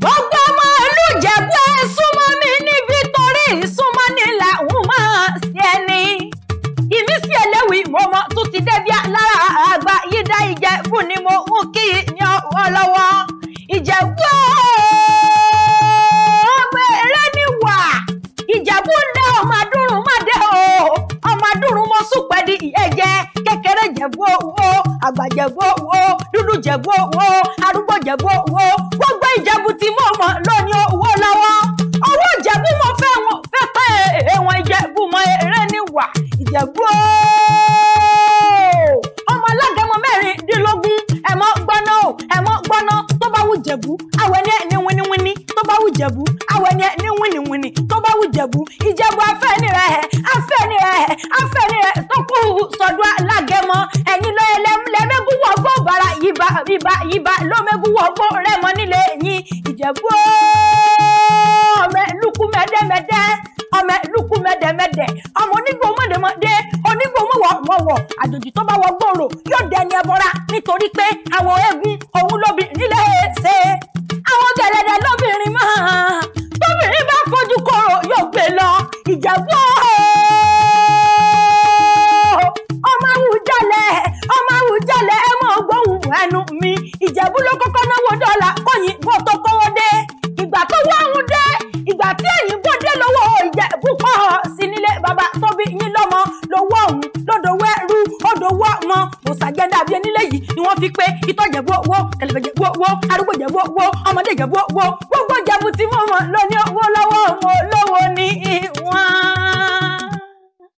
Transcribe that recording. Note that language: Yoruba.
gbogbo ọmọ ìlú Ìjẹ̀bú ẹ súnmọ́ mi níbi torí ìsúnmọ́ ni làwọn máa ṣe ẹni ìmísí ẹlẹ́wì mo mọ tó ti débi lára àgbà yídá Ìjẹ̀bú ni mo ń kí ní ọwọ́ lọ́wọ́ Ìjẹ̀bú ọmọ eré ni wà Ìjẹ̀bú ń dá ọmọ adúrún má dé o ọmọ adúrún mo súpẹ́ di ìyẹ́jẹ́ kékeré Ìjẹ̀bú owó àgbà Ìjẹ̀bú owó dúdú Ìjẹ̀bú owó ìjẹ̀bú owó gbogbo ìjẹ̀bú tí mo mọ̀ lónìí owó lọ́wọ́ owó ìjẹ̀bú mo fẹ́ wọn fẹ́ pẹ́ èèwọ̀n ìjẹ̀bú mọ eré ní wà ìjẹ̀bú ọmọ alágẹmọ mẹ́rìndínlógún ẹ̀mọ́ gbọ́ná o ẹ̀mọ́ gbọ́ná tó bá wù jẹ̀bú àwọn ẹni ẹni wíníwíní tó bá wù jẹ̀bú àwọn ẹni ẹni wíníwíní tó bá wù jẹ̀bú ìjẹ̀bú afẹ́ nira ẹ̀ afẹ́ nira ẹ̀ afẹ́ nira ẹ̀ tó kú sọ́dún alágẹmọ bára yíba yíba yíba lómegún wọgbó rẹmọ nílé yín ìjẹ̀bú ọmọ ẹlùkù mẹ́dẹ́mẹ́dẹ́ ọmọ ẹlùkù mẹ́dẹ́mẹ́dẹ́ ọmọ onígbò mọ̀dẹ́mọ̀dẹ́ onígbò mọ̀wọ̀ mọ̀wọ̀ àjòjì tó bá wọ gbòòrò yóò dẹni ẹbọra nítorí pé àwọn eégún òun lóbi mi ìjẹ̀bú ló kọ́kọ́ náwó dọ́là kọ́yìn bó tó kọ́wọ́ dé ìgbà tó wọ́ ọ̀hún dé ìgbà tí ẹ̀yìn bó dé lọ́wọ́ ìjẹ̀bú kọ́ ọ sí nílé bàbá tó bí yín lọ́mọ lọ́wọ́ ọ̀hún lọ́dọ̀wọ́ ẹrú ọ̀dọ̀wọ́ ọmọ kò sàjẹ́dá bíi ẹni lẹ́yìn ni wọ́n fi pé ìtọ́jẹ̀bú owó kẹlẹ̀bẹ̀jẹ̀bú owó arúgbó jẹ̀bú owó ọmọdé jẹ̀bú owó gbogbo jẹ̀bú tí mo mọ̀ lóní owó lọ́wọ́ òun